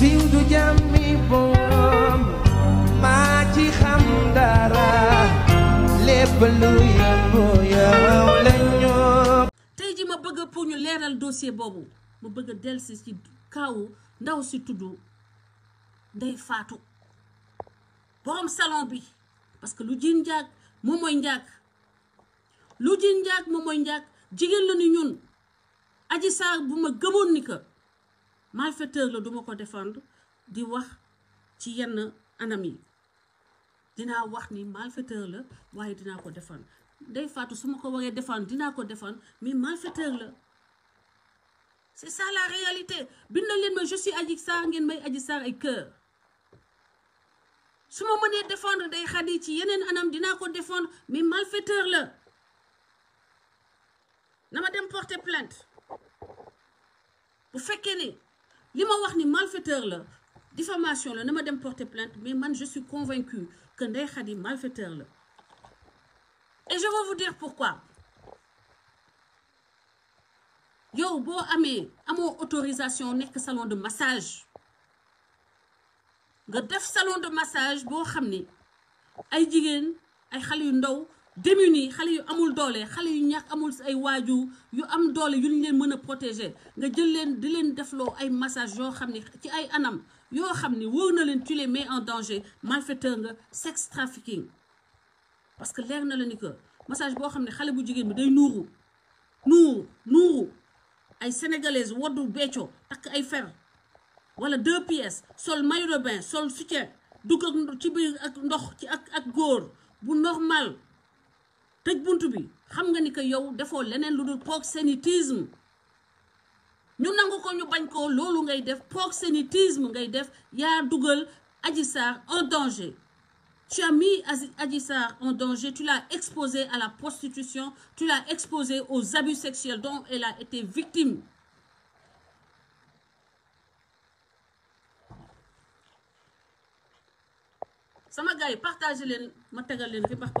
siiw du jàmmi boom maa ci xam dara lépp lu yëngu yow la ñoo tey ji ma bëgg pour ñu leeral dossier boobu ma bëgg a delsi ci kaawu ndaw si tudd Ndeye Fatou borom salon bi parce que lu ji njaag moom mooy njaag lu ji njaag moom mooy njaag jigéen la ni ñun aji saar bu ma gëmoon ni que malfaiteur le duma ko défendre di wax ci yenn anam yi wax ni malfaiteur le waye dina ko défendre day fatou suma ko waree défendre dina ko défendre mais malfaiteur le c'est ça la réalité bindal leen ma je suis Adji ça, ngeen may Adji sar ay cœur suma ma défendre day xadi ci anam dina ko défendre mais malfaiteur le nama dem porter plainte bu fekkee li ma wax ni malfaiteur la diffamation la ne ma pas porter plainte mais man je suis convaincue que Ndeye Khady malfaiteur la et je vais vous dire pourquoi yow vous amee mon autorisation un salon de massage nga def salon de massage bo, xam Aïe, ay aïe, ay xale démunis xalé yu amul doole xalé yu ñàkk amul ay waju yu am doole yu ñu leen mëna protéger nga jël leen di leen deflo ay massage yo xamni ci ay anam yo xamni ne na leen tu les mets en danger malfaiteur nga sex trafficking parce que lér na la ni que massage bo xamni xalé bu jigéen bi day nouru nuuru nuuru ay sénégalaise wadou becco tak ay fer wala deux pièces sol maillot de bain sol soutien dugg ak ci bi ak ndox ci ak ak góor bu normal tej buntu bi xam nga ni que yow defo leneen lu dul proxénétisme ñu nangu ko ñu bañ ko lolu ngay def proxénétisme ngay def Y'a Dougal Adissar en danger tu as mis Adissar en danger tu l'as exposé à la prostitution tu l'as exposé aux abus sexuels dont elle a été victime sama partagez yi partagé leen ma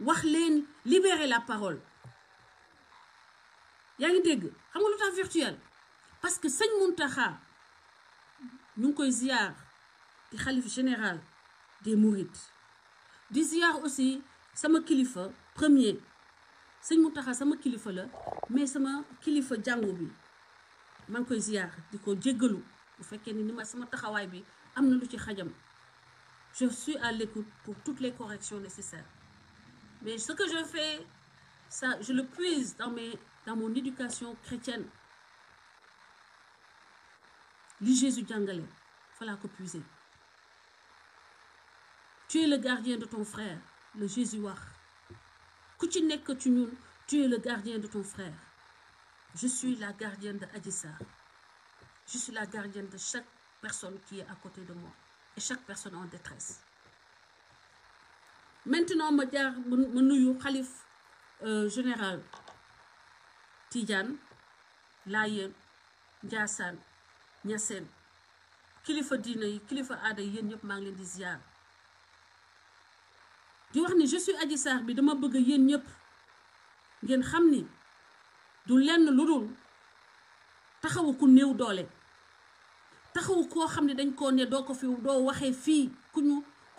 wax leen libérer la parole Y'a ngi dégg xam nga lu virtuel parce que sëñ Muntaxa ñu ngi koy ziar di général des Mourides di ziar aussi sama kilifa premier sëñ Muntaxa sama kilifa la mais sama kilifa jàngu bi maa ngi koy ziar di ko jéggalu bu fekkee ni ni ma sama taxawaay bi am na lu ci xajam je suis à l'écoute pour toutes les corrections nécessaires mais ce que je fais, ça, je le puise dans, mes, dans mon éducation chrétienne. Lui Jésus il voilà que puiser. Tu es le gardien de ton frère, le Jésus Que tu n'es que tu nous, tu es le gardien de ton frère. Je suis la gardienne de Adissa. Je suis la gardienne de chaque personne qui est à côté de moi et chaque personne en détresse maintenant ma jaar ma nuyu khalif euh, général Tidiane laye Njaasaan Ñaseen kilifa diina yi kilifa aada yi yéen ngi di ziar di wax ni je suis Adji Sarr bi dama bëgg yéen ñëpp ngeen xam du lenn ludul dul taxawu ku néew doole taxawu koo xam dañ ne do ko fi do waxe fi ku ñu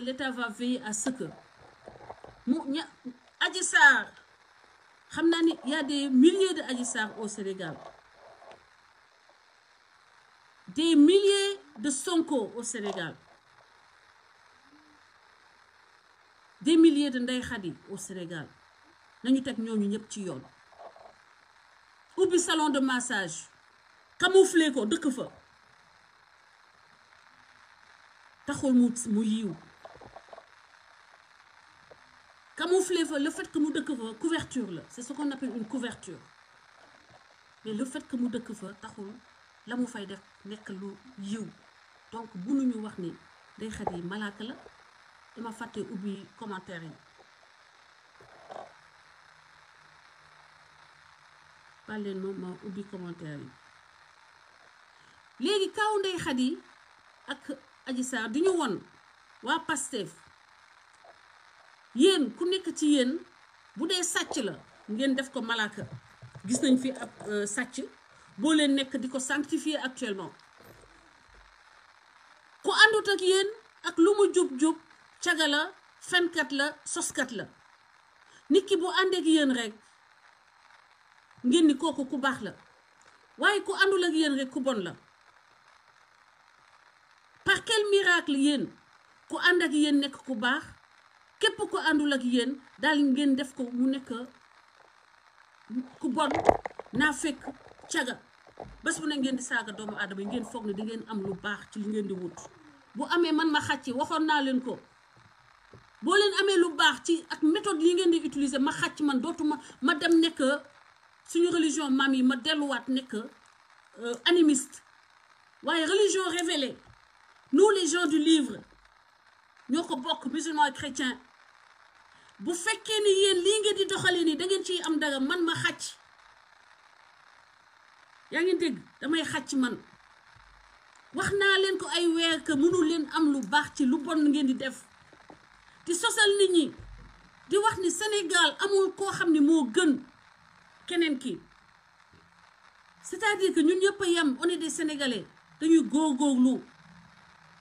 l'État va veiller à ce que. Adjissar, il y a des milliers d'Adjissar au Sénégal. Des milliers de Sonko au Sénégal. Des milliers de Ndai au Sénégal. Nous avons Ou bien salon de massage. Camouflé, de que taxul mu mu le fait que nous devons couverture, c'est ce qu'on appelle une couverture. Mais le fait que nous devons taxul la c'est fay def nek lu Donc wax ni day xadi malaka la dama faté ubi commentaire une couverture. ubi commentaire Légui kaw xadi ak une couverture. won wa Pastef yéen ku nekk ci yéen bu dee sàcc la ngeen def ko malaaka gis nañ fi ab euh, sàcc boo leen nekk di ko sanctifier actuellement ku àndut ak yéen ak lu mu jub-jub cagala la fenkat la soskat la nit ki bu àndeek yéen rek ngeen ni kooku ku baax la waaye ku àndul ak yéen rek ku bon la par quel yéen ku ànd ak yéen nekk ku baax quest ko àndul ak yeen dal ngeen def ko mu nekk ku bon na fek tiaga bes bu ne ngeen di saga doomu aadama ngeen foog que di ngeen am lu baax ci li ngeen di wut bu que man ma xàcc waxon na len ko méthode utiliser ma man ma dem suñu religion euh, animiste religion révélée nous les gens du livre ñoo ko bokk musulman chrétien bu fekkee ni yéen lii ngeen di doxalee nii dangeen ngeen ciy am daga man ma xàcc yaa ngi dégg damay xacc man wax naa leen ko ay weer que mënu leen am lu baax ci lu bon ngeen di def di sosal nit ñi di wax ni Sénégal amul koo xam ni moo gën keneen ki c'est-à-dire que ñun ñëpp a yem on est des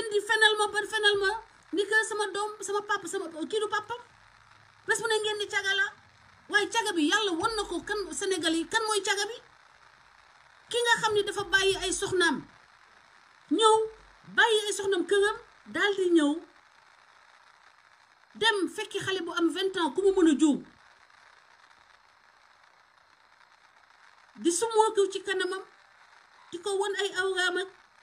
ngeen di fenal ma ban fenal ma ni que sama doom sama papa sama kii nga xam ne dafa bàyyi ay soxnaam ñëw bàyyi ay soxnaam këram daal di ñëw dem fekki xale bu am vingt ku mu mën a juum di sumoo kiw ci kanamam di ko won ay awraam ak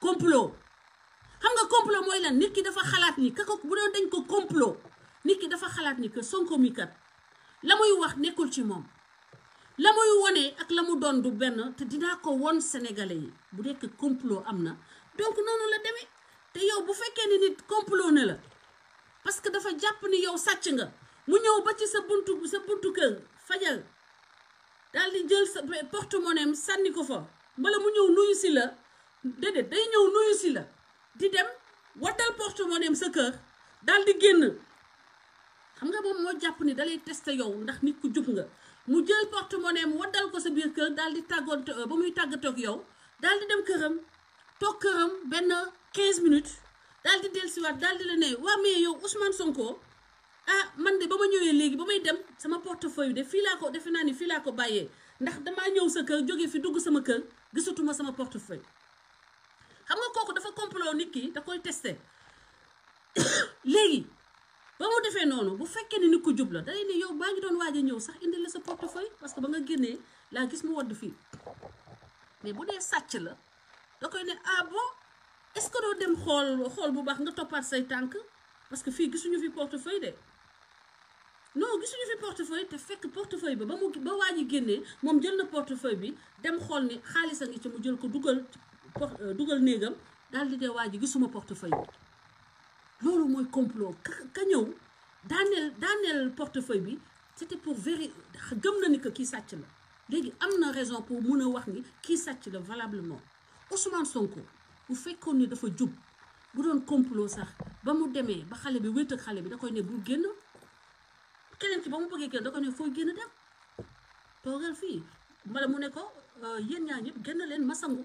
complot xam nga complot mooy lan nit ki dafa xalaat ni ka ko bu doon dañ ko complot nit ki dafa xalaat ni que Sonko la muy wax nekkul ci moom la muy wone ak la mu doon du benn te dinaa ko won sénégalais yi bu nekk complot am na donc noonu la demee te yow bu fekkee ni nit complot ne la parce que dafa jàpp ni yow sàcc nga mu ñëw ba ci sa buntu sa buntu kër fajal dal di jël sa porte-monnaie sànni ko fa mbala mu ñëw nuyu si la déedéet day ñëw nuyu si la di dem waddal porte-monnaie sa kër daal di génn xam nga moom moo jàpp ni dalay tester yow ndax nit ku jub nga mu jël porte-monnaie mu waddal ko sa biir kër daal di tàggoon ba muy tàggatoog yow daal di dem këram toog benn 15 minutes daal di dellusiwaat daal di la ne waa mais yow Ousmane Sonko ah man de ba ma ñëwee léegi ba may dem sama portefeuille de fii laa ko defe naa ni fii laa ko bàyyee ndax damaa ñëw sa kër jóge fi dugg sama kër gisatuma sama portefeuille. xam nga kooku dafa complot nit kii da koy testé léegi ba mu defee noonu bu fekkee ne nit ku jub la day ne yow baa ngi doon waaj a ñëw sax indi la sa portefeuille parce que ba nga génnee laa gis mu wadd fii mais bu dee sàcc la da koy ne ah bon est-ce que doo dem xool xool bu baax nga toppaat say tànk parce que fii gisuñu fi portefeuille de non gisuñu fi portefeuille te fekk portefeuille bi ba mu ba waa ji génnee moom jël na portefeuille bi dem xool ni xaalis a ngi mu jël ko dugal Euh, dougal néegam daal di dee waa gisuma portefeuille bi moy complot ka ñew daaneel daaneel portefeuille bi c'était pour vérifier gëm na ni que ki satch la léegi amna raison pour mëna wax ni ki satch la valablement Ousmane Sonko bu fekkoon ni dafa jub bu doon complot sax ba mu démé ba xalé bi wéet xalé bi da koy né bu génn keneen ki ba mu bëggé kenn da koy né fo génn dem toogal fi mala mu né ko euh, yeen ñaan ñëpp génn leen masangu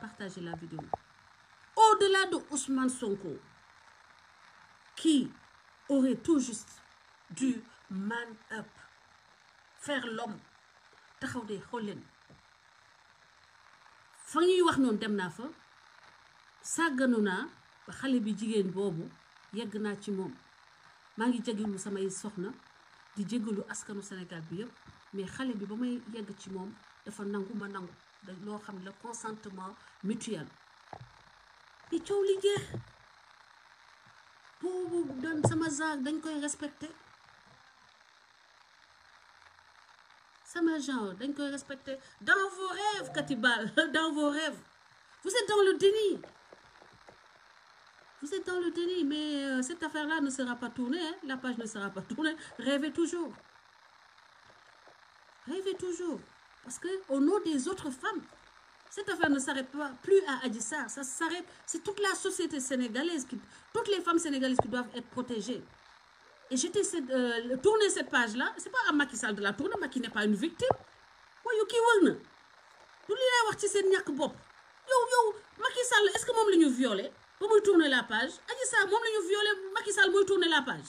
partagez la vidéo. Au-delà de Ousmane Sonko, qui aurait tout juste dû man up, faire l'homme, taxawde de Fangi wax noonu dem naa fa sàgganu naa ba xale bi jigen bobu yegg ci mom. maa ngi jégalu samay soxna di jégalu askanu Sénégal bi yépp mais xalé bi bamay yegg ci mom dafa nangu ma nangu le consentement mutuel et coow li Pour boobu vous sama genre dañ koy respecté genre dañ koy respecté dans vos rêves Katibal dans vos rêves vous êtes dans le déni vous êtes dans le déni mais euh, cette affaire-là ne sera pas tournée hein. la page ne sera pas tournée rêvez toujours rêvez toujours parce qu'au nom des autres femmes, cette affaire ne s'arrête pas plus à Adissar. Ça s'arrête. C'est toute la société sénégalaise, qui, toutes les femmes sénégalaises qui doivent être protégées. Et j'étais de euh, tourner cette page-là, c'est pas à Macky Sall de la tourner, Macky n'est pas une victime. Voyou qui wëng Tout le li est wax ci Yo, Macky Sall est-ce que je la ñu violé pour me tourner la page Adji Sarr suis, la violé Macky Sall tourner la page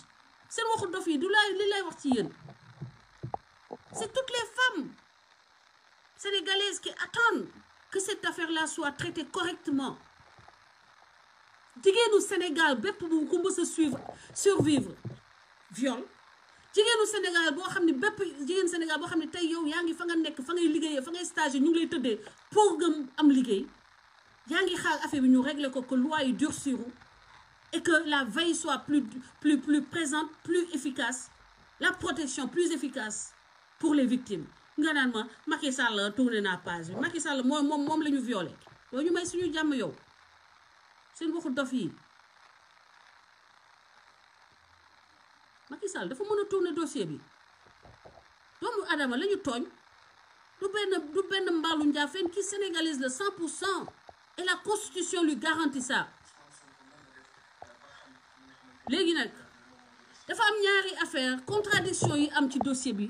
C'est waxu qui yi du lay wax ci c'est toutes les femmes sénégalaises qui attendent que cette affaire-là soit traitée correctement. Diguez-nous Sénégal bépp bu ko mës au suivre survivre viol Diguez-nous Sénégal boo xam Sénégal pour nous ne tey yow yaa nous fa nga nekk fa ngay liggéeyee fa ngay stage ñu ngi lay tëddee pour am liggéey xaar affaire bi ñu régler ko que loi et que la veille soit plus plus plus présente plus efficace la protection plus efficace pour les victimes nga Macky Sall tourné na page bi Macky Sall may suñu yow waxu dof yi Macky Sall dafa dossier bi doomu Adama du du qui sénégalise le 100% et la constitution lui garantit ça légui nak dafa am ñaari affaire contradiction yi am dossier bi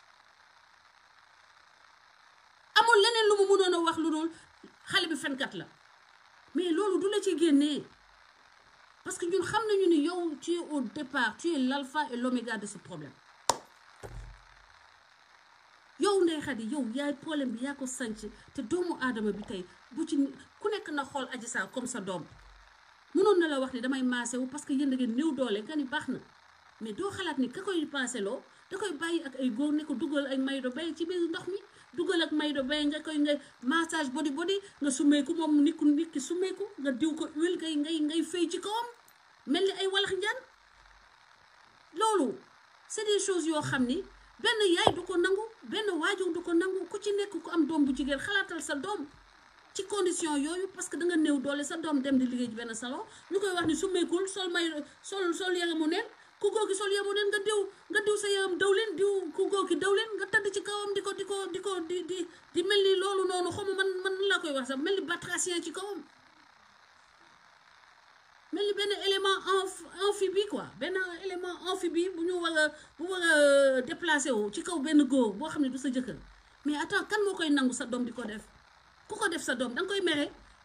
amul leneen lu mu mënoon wax lu dul xale bi fenkat la mais loolu du la ci génnee parce que ñun xam nañu ni yow tu es au départ tu es l'alpha et l'oméga de ce problème yow Ndeye Khady yow yaay problème bi yaa ko sànc te doomu aadama bi tey bu ci ku nekk na xool Adji Sarr comme sa doom mënoon na la wax ni damay maase wu parce que yéen da ngeen néew doole nga ni baax na mais doo xalaat ni ka koy paase loo da koy bàyyi ak ay góor ne ko dugal ay maydo bay ci biir ndox mi. dugal ak maydo bay nga koy ngay massage body body nga sumeeku moom nit ku nit ki sumeeku nga diw ko huile ngay ngay ngay fay ci kawam mel ni ay walax njaan loolu c'est des choses yoo xam ni benn yaay du ko nangu benn waajur du ko nangu ku ci nekk ku am doom bu jigéen xalaatal sa doom ci condition yooyu parce que da nga néew doole sa doom dem di liggéey ci benn salon ñu koy wax ni sumeekul sol may sol sol yére mu neen Kugo go ki sol yamu dem nga diw nga diw sa yam dawlen diw ku go ki dawlen nga tad ci kawam diko diko diko di di di melni lolou nonu xomu man man la koy wax sa melni batracien ci kawam melni ben element amphibie quoi ah. ben element amphibie bu ñu wala bu wala déplacer oh. wu ci kaw ben go bo xamni du sa jëkkal mais attends kan mo koy nangu sa dom diko def ku ko def sa dom dang koy méré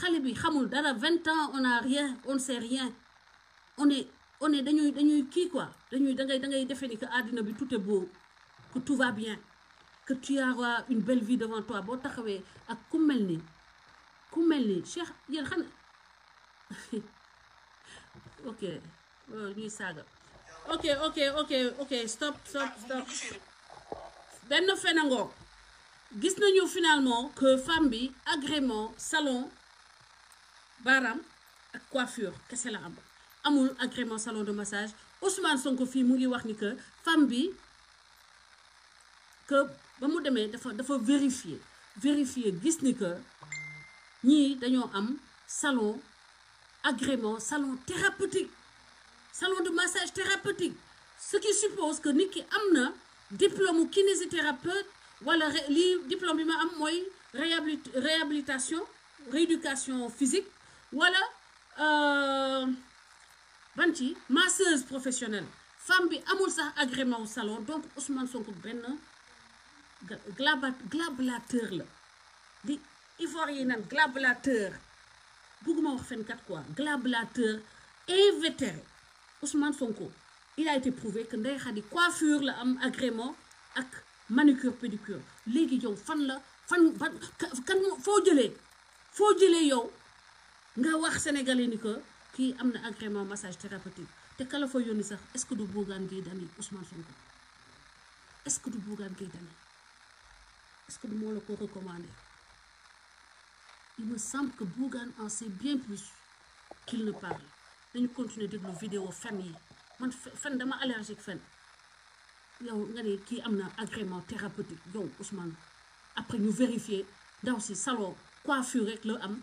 xale bi xamul dara vingt ans on a rien on ne sait rien on est on est dañuy dañuy qui quoi dañuy da ngay da ngay defee que Adina, tout est beau que tout va bien que tu auras une belle vie devant toi Bon t'as ak à mel ni cher. mel Cheikh ok ok ok ok ok stop stop stop Ben benn fenango gis nañu finalement que femme bi agrément salon coiffure quest coiffure que c'est amul agrément salon de massage Ousmane Sonko fi mu ngi wax que femme bi que ba mu vérifier vérifier gis ni que ni am salon agrément salon thérapeutique salon de massage thérapeutique ce qui suppose que niki amna diplôme kinésithérapeute voilà un diplôme bi réhabilitation rééducation physique voilà, euh... Banti, masseuse professionnelle femme bi a sax agrément au salon donc Ousmane Sonko Ben, glablateur la di glablateur bugguma wax fenkat quoi glablateur invétéré Ousmane Sonko il a été prouvé que a Khady coiffure la am agrément ak manucure pédicure les yow fan la fan fan kan foo jëlee nga wax sénégalais ni ko ki amna agrément massage thérapeutique te kala fa yoni sax est ce que du Bougane Gueye Dany Ousmane Sonko est ce que du Bougane Gueye Dany est ce que du moo ko recommandé il me semble que Bougane en sait bien plus qu'il ne parle dañu continuer le vidéo famille. yi man fen dama allergique fan yow nga ne ki amna agrément thérapeutique yow Ousmane après nous vérifier dans ce salon coiffure rek le am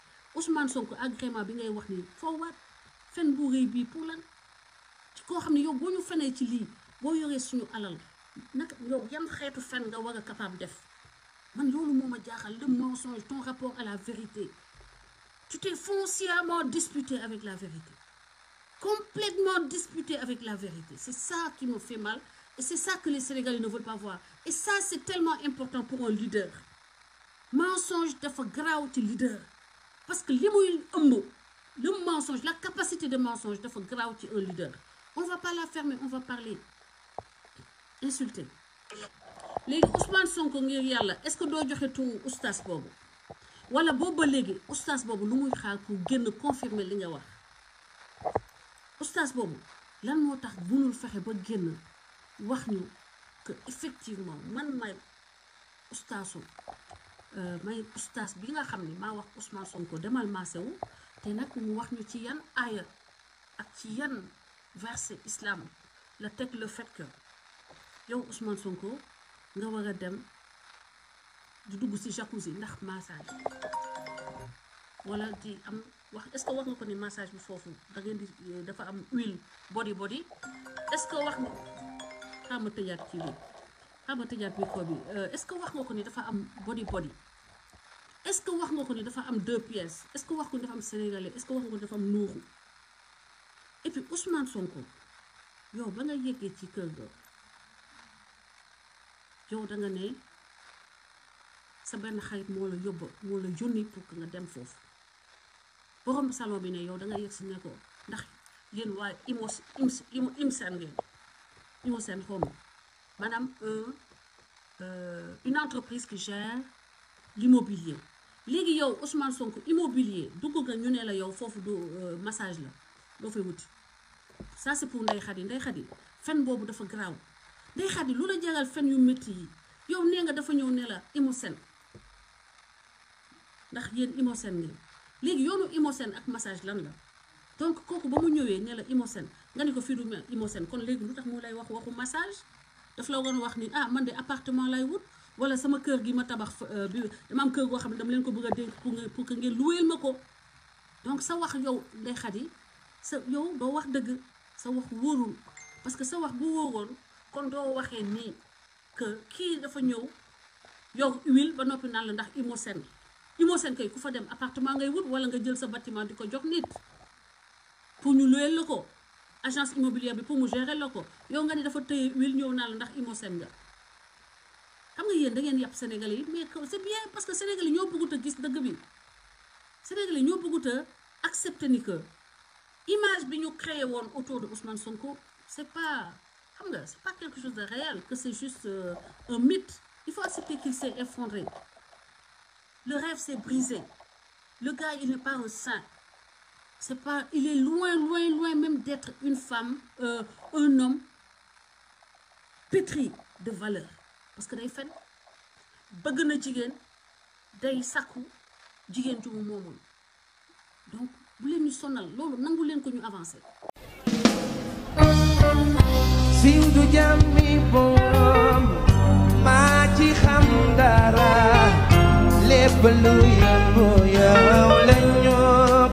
Ousmane Sonko agrément bi ngay wax ni le waat fen bu rëy bi pour lan ci koo xam ne yow boñu ñu ci li boo yoré suñu alal nak yow yam xétu fen nga war capable def man loolu moma jaxal le mensonge ton rapport à la vérité tu t'es foncièrement disputé avec la vérité complètement disputé avec la vérité c'est ça qui me fait mal et c'est ça que les Sénégalais ne veulent pas voir et ça c'est tellement important pour un leader mensonge dafa garaaw ci leader parce que le mensonge la capacité de mensonge de grave un leader on va pas la fermer on va parler insulter Les Ousmane Sonko est-ce que joxe tout oustas Bobo oustas Bobo, nous confirmer li oustas Bobo, la bunul nous effectivement Euh, may ustaas bi nga xam ne maa wax Ousmane Sonko demal maase wu te nag mu wax ñu ci yan aaya ak ci yan verset islam la teg le fait que yow Ousmane Sonko nga war a dem du dugg ci jacuzzi ndax massage walla di am wax est-ce wax nga ko ni massage bi foofu da ngeen di dafa am huile body body est-ce que wax nga xaama tëjaat ci lii xama tëjaat micro bi euh, est-ce que wax nga ko ni dafa am body body est-ce que wax nga ko ni dafa am deux pièces est-ce que wax ko ni am sénégalais est-ce que wax nga ko ni dafa am nuuxu et puis Ousmane Sonko yow ba nga yëggee ci kër ga yow da ne sa benn xarit moo la yóbbu moo la yónni pour que nga dem foofu borom salon bi ne yow da nga yëg si ne ndax yéen waaye imos im im imseen ngeen imoseen xawma Madame E, euh, une entreprise qui gère l'immobilier. Légui yow Ousmane Sonko immobilier dugg nga ñu la yow fofu do euh, massage la loo fay ça c'est pour Ndeye Khady Ndeye Khady fen boobu dafa graw. Ndeye Khady lu la jagal fen yu métti yi yow ne nga dafa ñëw ne la Imosène ndax yéen Imosène Légui léegi yoonu ak massage lan la donc kooku ba mu ñëwee ne la Imosène nga ne ko fii du Imosène kon légui lu tax mu lay wax waxu massage daf la woon wax ni ah man de appartement lay wut wala sama kër gi ma tabax euh, bi dama am kër goo xam ne dama leen ko bëgg a dénk pour nga pour que ngeen louwéel ma ko donc sa wax yow ngay xat yi sa yow doo wax dëgg sa wax wóorul parce que sa wax bu wóoroon kon doo waxee nii que kii dafa ñëw yow huil ba noppi naan la ndax imo sen kay ku fa dem appartement ngay wut wala nga jël sa bâtiment di ko jox nit pour ñu louwéel la agence immobilière bi pour mu gérer le ko yow nga ni dafa tëye huile ñëw naa la ndax Imosem nga xam nga yeen da ngeen yap Sénégalais mais c'est bien parce que Sénégalais ñoo bëggu a gis dëgg bi Sénégalais ñoo bëggu a accepter ni que image bi ñu créé autour de Ousmane Sonko c'est pas xam nga c'est pas quelque chose de réel que c'est juste euh, un mythe il faut accepter qu'il s'est effondré le rêve s'est brisé le gars il n'est pas un saint c'est pas, il est loin, loin, loin même d'être une femme, euh, un homme pétri de valeur. Parce que les femmes, a day tu les donc vous voulez nous, sonal vous voulez que nous